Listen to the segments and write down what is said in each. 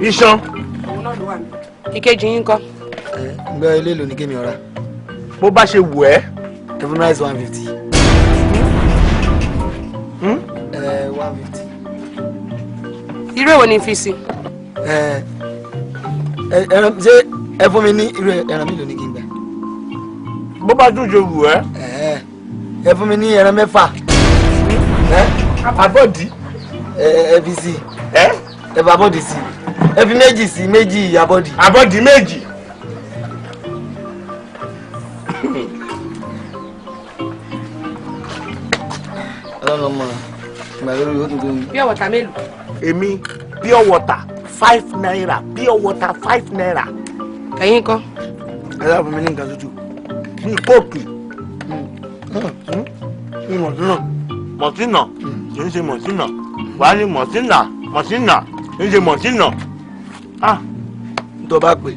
iṣan. òun náà ló wà ní. ìkejì yín kọ́. ẹ ǹgbẹ́ ilé ìlú ni kémi ọ̀ra. bó bá ṣe wù ẹ́. every night one fifty. Hmm? ẹ one fifty. irú èwo ni fi si. ẹ ẹran ṣé ẹ fún mi ní irú ẹran mélòó ni kí n gbà. bó bá dùn jò wù ẹ́. ẹ fún mi ní ẹran mẹ́fà. àbọ̀dì. ẹ ẹ fi si. ẹ ẹ bá bọ̀dì si ẹ fi méjì sí méjì àbọ̀dì. àbọ̀dì méjì. ọlọ́lọ́mọ ìgbàlódé yóò tún gbóyún. pure water mélòó. èmi pure water five naira pure water five naira. ẹ̀yin kan. ẹ dábàá mi ní nǹkan tútù ní kóòkì ní hmm. hmm. hmm. mọ̀tínà mọ̀tínà kì í ṣe mọ̀tínà wàá ní mọ̀tínà mọ̀tínà kì í ṣe mọ̀tínà ah tó bá pè.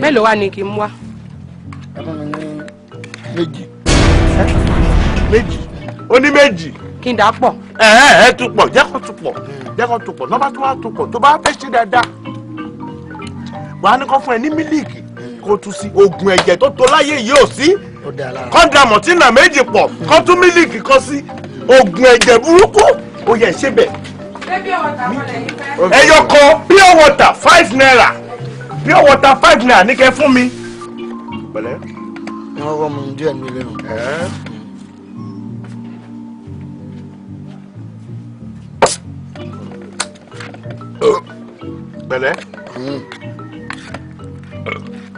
mélòó wá ni kí n wá. ẹ bá mi ní méjì. méjì ó ní méjì. kí n dà pọ̀. ẹ ẹ ẹ tún pọ̀ jẹ́ kó tún pọ̀ jẹ́ kó tún pọ̀ nọ́mbà tó wá tún pọ̀ tó bá fẹ́ ṣe dáadáa wàá ní kó fún ẹ ní mílíìkì kó tún sí oògùn ẹ̀jẹ̀ tó tó láyé yìí ò sí kọ́ńdà mọ̀tínà méjì pọ̀ kó tún mílíìkì kó sí oògùn ẹ̀jẹ̀ burúkú ó yẹ ṣe bẹ́ẹ̀ ẹyọ kan pure water five naira pure water five naira ní kẹ́ fún mi. pẹ̀lẹ́. ní wọn wọ mu díẹ̀ ní ilé nù. pẹ̀lẹ́.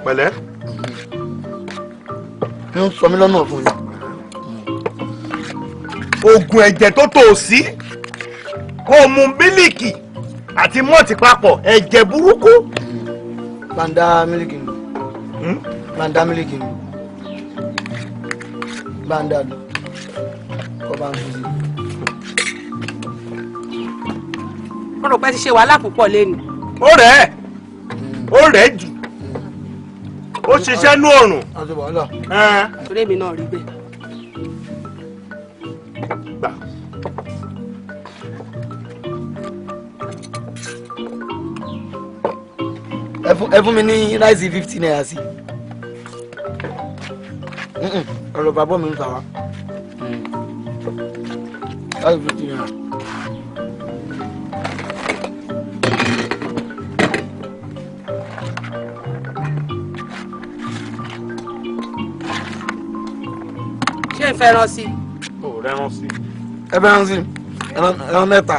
pẹ̀lẹ́. ń sọ mí lọ́nà fún yín. oògùn ẹ̀jẹ̀ tó tò sí kó mu mílìkì àti mọ́ọ̀tì papọ̀ ẹ̀jẹ̀ burúkú. bàǹdà mílìkì nù bàǹdà hmm? mílìkì nù bàǹdà nù kọ́ bá ń fi sí. mo rò pé ti ṣe wàhálà púpọ̀ lẹ́nu. ó rẹ̀ ẹ́ hmm. ó rẹ̀ jù hmm. ó ṣiṣẹ́ nú ọ̀run. àti wàhálà. torí èmi náà rí bẹ́ẹ̀. ẹ fún mi ní ráìsì fifty naira sí ọ̀rọ̀ bàbá mi ń ta wa ráìsì fifty naira. ṣé ń fẹ́ràn sí. ò rẹ́ràn sí. ẹ fẹ́ràn sí ẹran mẹ́ta.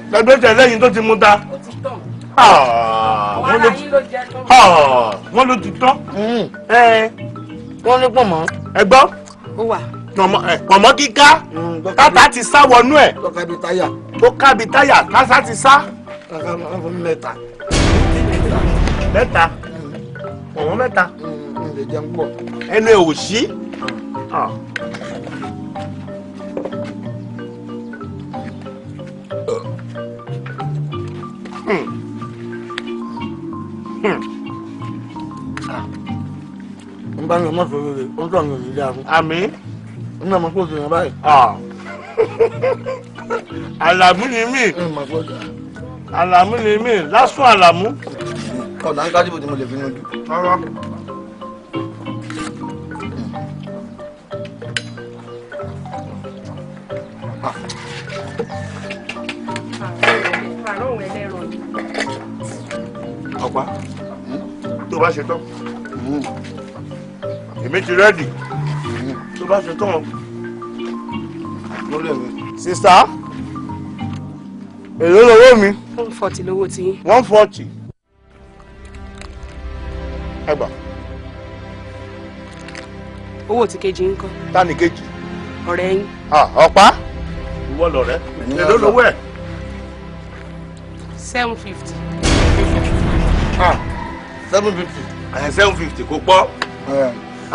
lọ́dún tẹ̀ lẹ́yìn tó ti mú ta. Ah, ah, wọ́n ló ti tán. Hmm. wọ́n ní pọ̀nmọ́. ẹ gbọ́. ó wà. pọ̀nmọ́ kíká hmm, tata ti sá wọnú ẹ̀. ó kábi táyà. ó kábi táyà tata ti sá. mẹ́ta. mẹ́ta. Hmm. pọ̀nmọ́ mẹ́ta. ẹnu ẹ̀ ò sí. Ah. n bá ní ọmọ sọ̀rọ̀ rẹ̀ ó ń tọ̀ ní òní dáa fún. àmì. ó ní ọmọ kó sèyàn báyìí. Ah. àlàmú ni mí. àlàmú ni mí lásán àlàmú. ọ̀nà ń kájú bò tí mo lè fi yanjú. rárá. ọ̀pá tó bá ṣe tán. Hmm èmi ti rẹ́dì tó bá ṣe tán mo lè wẹ̀. sista èló lowó mi. one forty lowó tí. one forty. ẹ gbà. owó tí kejì ń kọ́. ta ni kejì. ọ̀rẹ́ yín. ọ̀pá. ìwọ lọ̀rẹ́ èló lowó ẹ̀. seven fifty. seven fifty. seven fifty kò pọ̀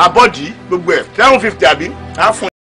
abọ́dí gbogbo ẹ̀ seven fifty àbí á fún